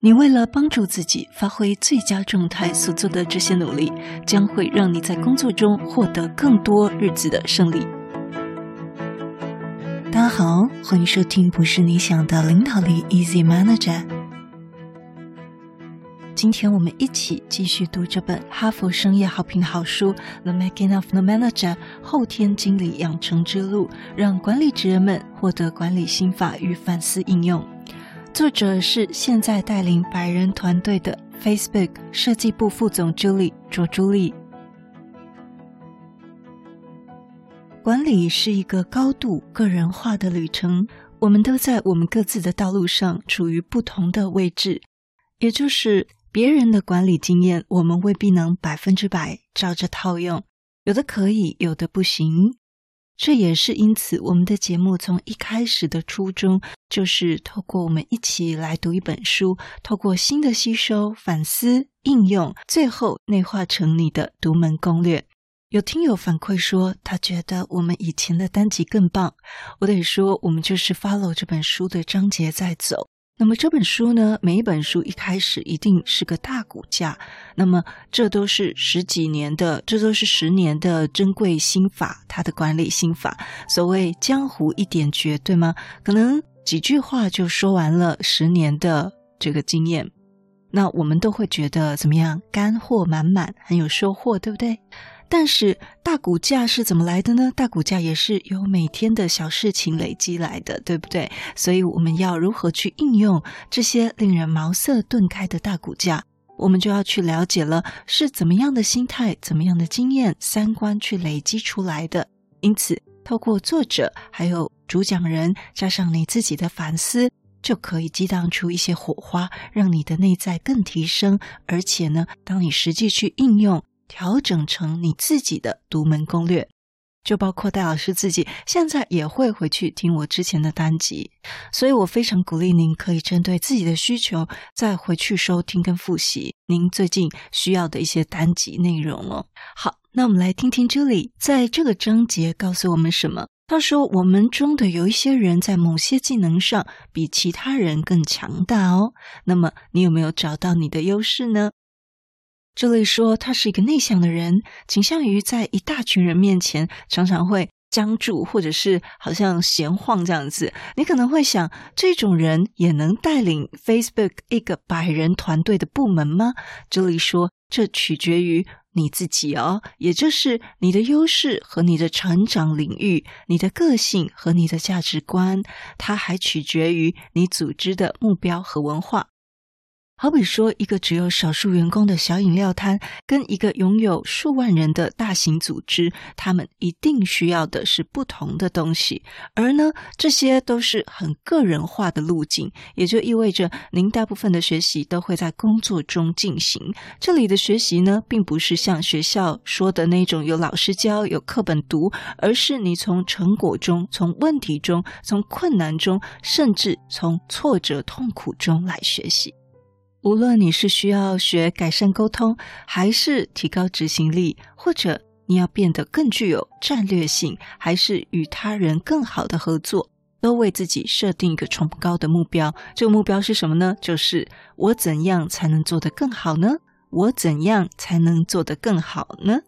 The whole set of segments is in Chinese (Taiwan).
你為了幫助自己發揮最佳狀態所做的這些努力，將會讓你在工作中獲得更多日子的勝利。大家好，歡迎收聽不是你想的領導力 Easy Manager。今天我們一起繼續讀這本哈佛商業好評的好書《The Making of the Manager：後天經理養成之路》，讓管理職人們獲得管理心法與反思應用。作者是現在帶領百人團隊的 Facebook 設計部副總 Julie 卓朱莉。管理是一個高度個人化的旅程，我們都在我們各自的道路上處於不同的位置，也就是別人的管理經驗，我們未必能百分之百照着套用，有的可以，有的不行。這也是因此，我們的節目從一開始的初衷就是透過我們一起來讀一本書，透過新的吸收、反思、應用，最後內化成你的獨門攻略。有聽友反饋說，他覺得我們以前的單集更棒。我得說，我們就是 follow 這本書的章節在走。那麼這本書呢？每一本書一開始一定是個大骨架。那麼這都是十幾年的，這都是十年的珍貴心法，它的管理心法。所謂江湖一點訣，對嗎？可能幾句話就說完了十年的這個經驗，那我們都會覺得怎麼樣？乾貨滿滿，很有收穫，對不對？但是大骨架是怎麼來的呢？大骨架也是由每天的小事情累積來的，對不對？所以我們要如何去應用這些令人茅塞頓開的大骨架，我們就要去了解了是怎麼樣的心態、怎麼樣的經驗、三觀去累積出來的。因此，透過作者、還有主講人，加上你自己的反思，就可以激盪出一些火花，讓你的內在更提升。而且呢，當你實際去應用。調整成你自己的獨門攻略，就包括戴老師自己現在也會回去聽我之前的單集，所以我非常鼓勵您可以針對自己的需求再回去收聽跟復習您最近需要的一些單集內容哦。好，那我們來聽聽 Julie，在這個章節告訴我們什麼？她說，我們中的有一些人在某些技能上比其他人更強大哦。那麼，你有沒有找到你的優勢呢？這裡說：“他是一個內向的人，傾向於在一大群人面前常常會僵住，或者是好像閒晃這樣子。你可能會想，這種人也能帶領 Facebook 一個百人團隊的部門嗎？”這裡說：“這取決於你自己哦，也就是你的優勢和你的成長領域、你的個性和你的價值觀，它還取決於你組織的目標和文化。”好比說，一個只有少數員工的小飲料攤，跟一個擁有數萬人的大型組織，他們一定需要的是不同的東西。而呢，這些都是很個人化的路徑，也就意味着您大部分的學習都會在工作中進行。這裡的學習呢，並不是像學校說的那種有老師教、有課本讀，而是你從成果中、從問題中、從困難中，甚至從挫折痛苦中來學習。無論你是需要學改善溝通，還是提高執行力，或者你要變得更具有戰略性，還是與他人更好的合作，都為自己設定一個崇高的目標。這個目標是什麼呢？就是我怎樣才能做得更好呢？我怎樣才能做得更好呢？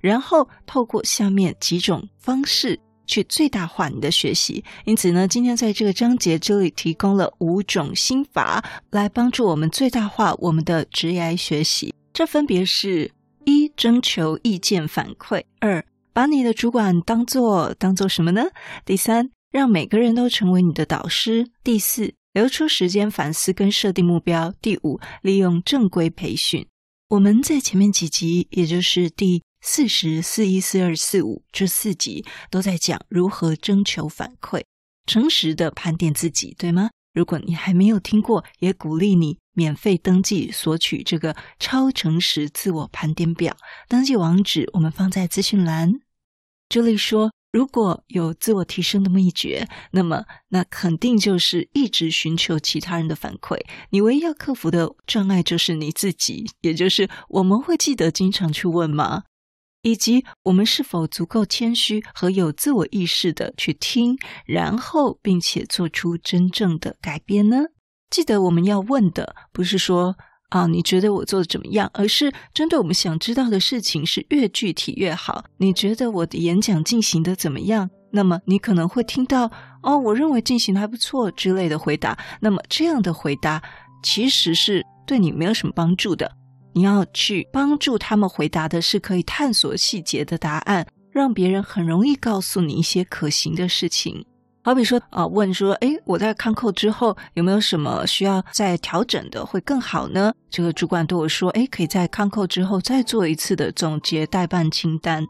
然後透過下面幾種方式。去最大化你的學習，因此呢，今天在這個章節這裡提供了五種心法來幫助我們最大化我們的職業學習。這分別是一，徵求意見反饋；二，把你的主管當做當做什麼呢？第三，讓每個人都成為你的導師；第四，留出時間反思跟設定目標；第五，利用正規培訓。我們在前面幾集，也就是第。四十、四一、四二、四五這四集都在講如何徵求反饋、誠實地盤點自己，對嗎？如果你還沒有聽過，也鼓勵你免費登記索取這個超誠實自我盤點表。登記網址我們放在資訊欄。朱莉說：“如果有自我提升的秘訣，那麼那肯定就是一直尋求其他人的反饋。你唯一要克服的障礙就是你自己，也就是我們會記得經常去問嗎？”以及我們是否足夠謙虛和有自我意識地去聽，然後並且做出真正的改變呢？記得我們要問的不是說啊、哦，你覺得我做的怎麼樣，而是針對我們想知道的事情是越具體越好。你覺得我的演講進行的怎麼樣？那麼你可能會聽到哦，我認為進行的還不錯之類的回答。那麼這樣的回答其實是對你沒有什麼幫助的。你要去幫助他們回答的是可以探索細節的答案，讓別人很容易告訴你一些可行的事情。好比說，啊，問說，哎，我在看扣之後有沒有什麼需要再調整的會更好呢？這個主管對我說，哎，可以在看扣之後再做一次的總結待辦清單。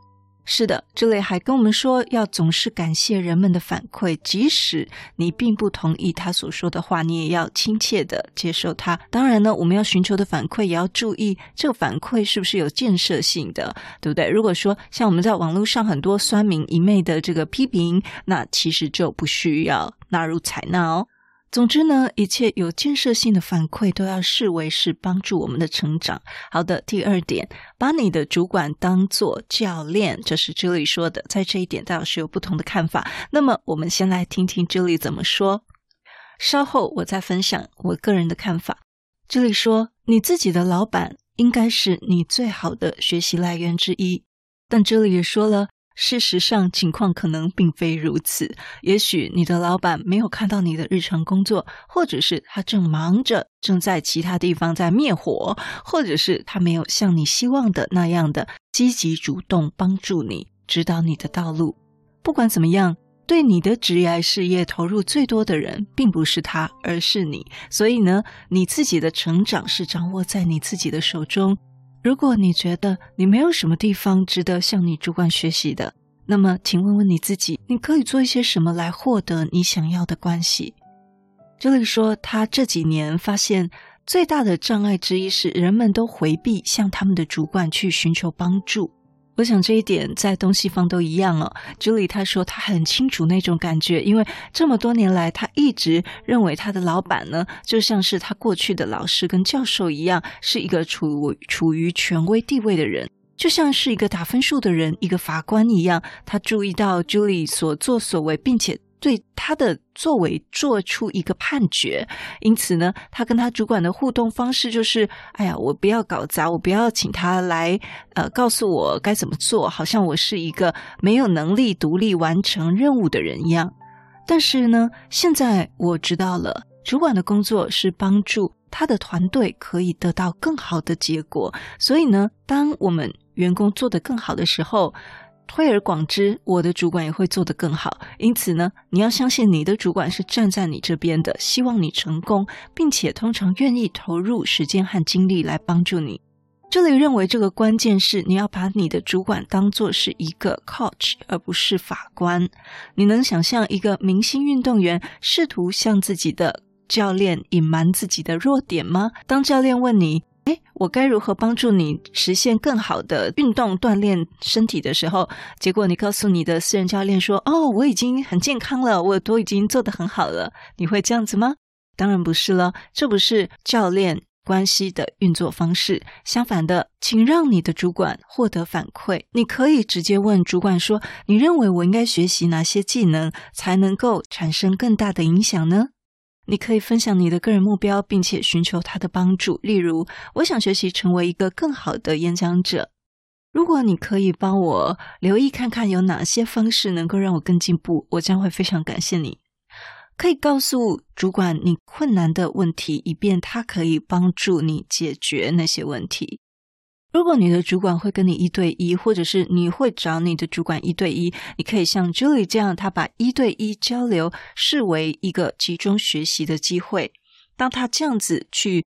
是的，Julie 還跟我們說，要總是感謝人們的反饋，即使你並不同意他所說的話，你也要親切地接受他。當然呢，我們要尋求的反饋，也要注意這個反饋是不是有建設性的，對不對？如果說像我們在網絡上很多酸民一昧的這個批評，那其實就不需要納入採納哦。總之呢，一切有建設性的反饋都要視為是幫助我們的成長。好的，第二點，把你的主管當做教練，這是 Julie 說的。在這一點，戴老師有不同的看法。那麼，我們先來聽聽 Julie 怎麼說。稍後我再分享我個人的看法。Julie 說，你自己的老板應該是你最好的學習來源之一。但 Julie 也說了。事實上，情況可能並非如此。也許你的老闆沒有看到你的日常工作，或者是他正忙着，正在其他地方在滅火，或者是他沒有像你希望的那樣的積極主動幫助你、指導你的道路。不管怎麼樣，對你的職業事業投入最多的人，並不是他，而是你。所以呢，你自己的成長是掌握在你自己的手中。如果你覺得你沒有什麼地方值得向你主管學習的，那麼，請問問你自己，你可以做一些什麼來獲得你想要的關係？Julie 說，她這幾年發現最大的障礙之一是，人們都回避向他們的主管去尋求幫助。我想這一點在東西方都一樣了，哦。Julie 她說她很清楚那種感覺，因為這麼多年來，她一直認為她的老闆呢，就像是她過去的老師跟教授一樣，是一個處處於權威地位的人，就像是一個打分數的人，一個法官一樣。他注意到 Julie 所作所為，並且。對他的作為做出一個判決，因此呢，他跟他主管的互動方式就是：哎呀，我不要搞砸，我不要請他來，呃，告訴我該怎麼做，好像我是一個沒有能力獨立完成任務的人一樣。但是呢，現在我知道了，主管的工作是幫助他的團隊可以得到更好的結果。所以呢，當我們員工做得更好的時候。推而廣之，我的主管也會做得更好。因此呢，你要相信你的主管是站在你這邊的，希望你成功，並且通常願意投入時間和精力來幫助你。這裡認為這個關鍵是你要把你的主管當作是一個 coach，而不是法官。你能想象一個明星運動員試圖向自己的教練隱瞞自己的弱點嗎？當教練問你，哎，我該如何幫助你實現更好的運動鍛鍊身體的時候？結果你告訴你的私人教練說：“哦，我已經很健康了，我都已經做得很好了。”你會這樣子嗎？當然不是了，這不是教練關係的運作方式。相反的，請讓你的主管獲得反饋。你可以直接問主管說：“你認為我應該學習哪些技能才能夠產生更大的影響呢？”你可以分享你的個人目標，並且尋求他的幫助。例如，我想學習成為一個更好的演講者。如果你可以幫我留意看看有哪些方式能夠讓我更進步，我將會非常感謝你。可以告訴主管你困難的問題，以便他可以幫助你解決那些問題。如果你的主管會跟你一對一，或者是你會找你的主管一對一，你可以像 Julie 這樣，他把一對一交流視為一個集中學習的機會。當他這樣子去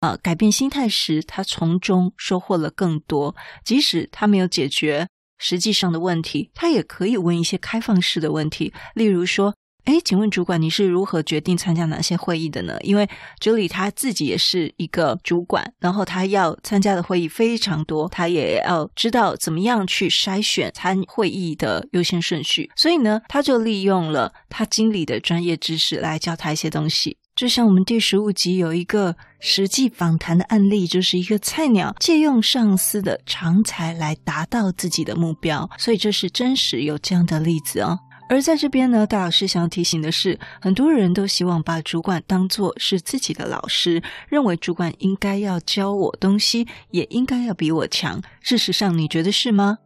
啊，呃，改變心態時，他從中收穫了更多。即使他沒有解決實際上的問題，他也可以問一些開放式的問題，例如說。哎，請問主管，你是如何決定參加哪些會議的呢？因為 Julie 他自己也是一個主管，然後他要參加的會議非常多，他也要知道怎麼樣去篩選參會議的優先順序。所以呢，他就利用了他經理的專業知識來教他一些東西。就像我們第十五集有一個實際訪談的案例，就是一個菜鳥借用上司的長才來達到自己的目標，所以這是真實有這樣的例子哦。而在這邊呢，戴老師想要提醒的是，很多人都希望把主管當作是自己的老師，認為主管應該要教我東西，也應該要比我強。事實上，你覺得是嗎？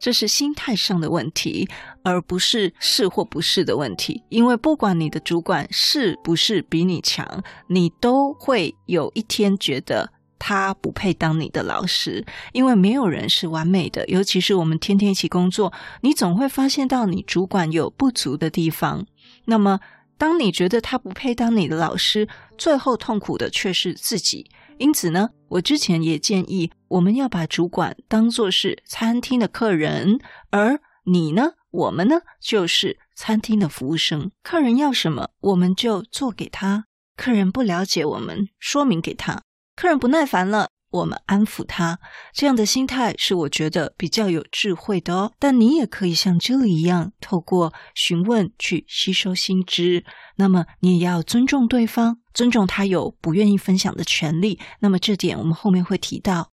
這是心態上的問題，而不是是或不是的問題。因為不管你的主管是不是比你強，你都會有一天覺得。他不配當你的老師，因為沒有人是完美的。尤其是我們天天一起工作，你總會發現到你主管有不足的地方。那麼，當你覺得他不配當你的老師，最後痛苦的卻是自己。因此呢，我之前也建議我們要把主管當作是餐廳的客人，而你呢，我們呢，就是餐廳的服務生。客人要什麼，我們就做給他；客人不了解我們，說明給他。客人不耐煩了，我們安撫他，這樣的心態是我覺得比較有智慧的哦。但你也可以像這裡一樣，透過詢問去吸收新知。那麼你也要尊重對方，尊重他有不願意分享的權利。那麼這點我們後面會提到。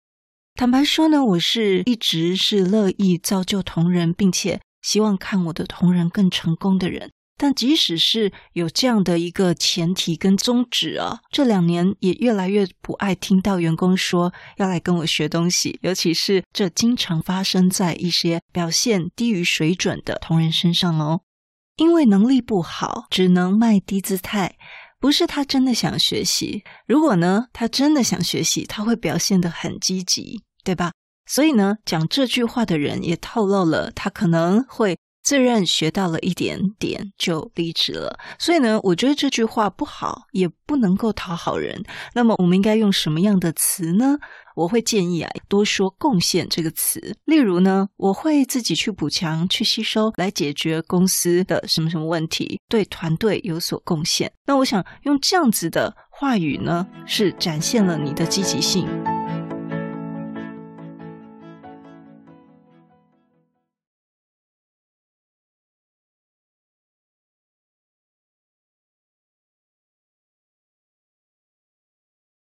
坦白說呢，我是一直是樂意造就同仁，並且希望看我的同仁更成功的人。但即使是有這樣的一個前提跟宗旨啊，這兩年也越來越不愛聽到員工說要來跟我學東西，尤其是這經常發生在一些表現低於水準的同仁身上哦，因為能力不好，只能賣低姿態，不是他真的想學習。如果呢，他真的想學習，他會表現得很積極，對吧？所以呢，講這句話的人也透露了，他可能會。自認學到了一點點就離職了，所以呢，我覺得這句話不好，也不能夠討好人。那麼，我們應該用什麼樣的詞呢？我會建議啊，多說“貢獻”這個詞。例如呢，我會自己去補強、去吸收，來解決公司的什麼什麼問題，對團隊有所貢獻。那我想用這樣子的話語呢，是展現了你的積極性。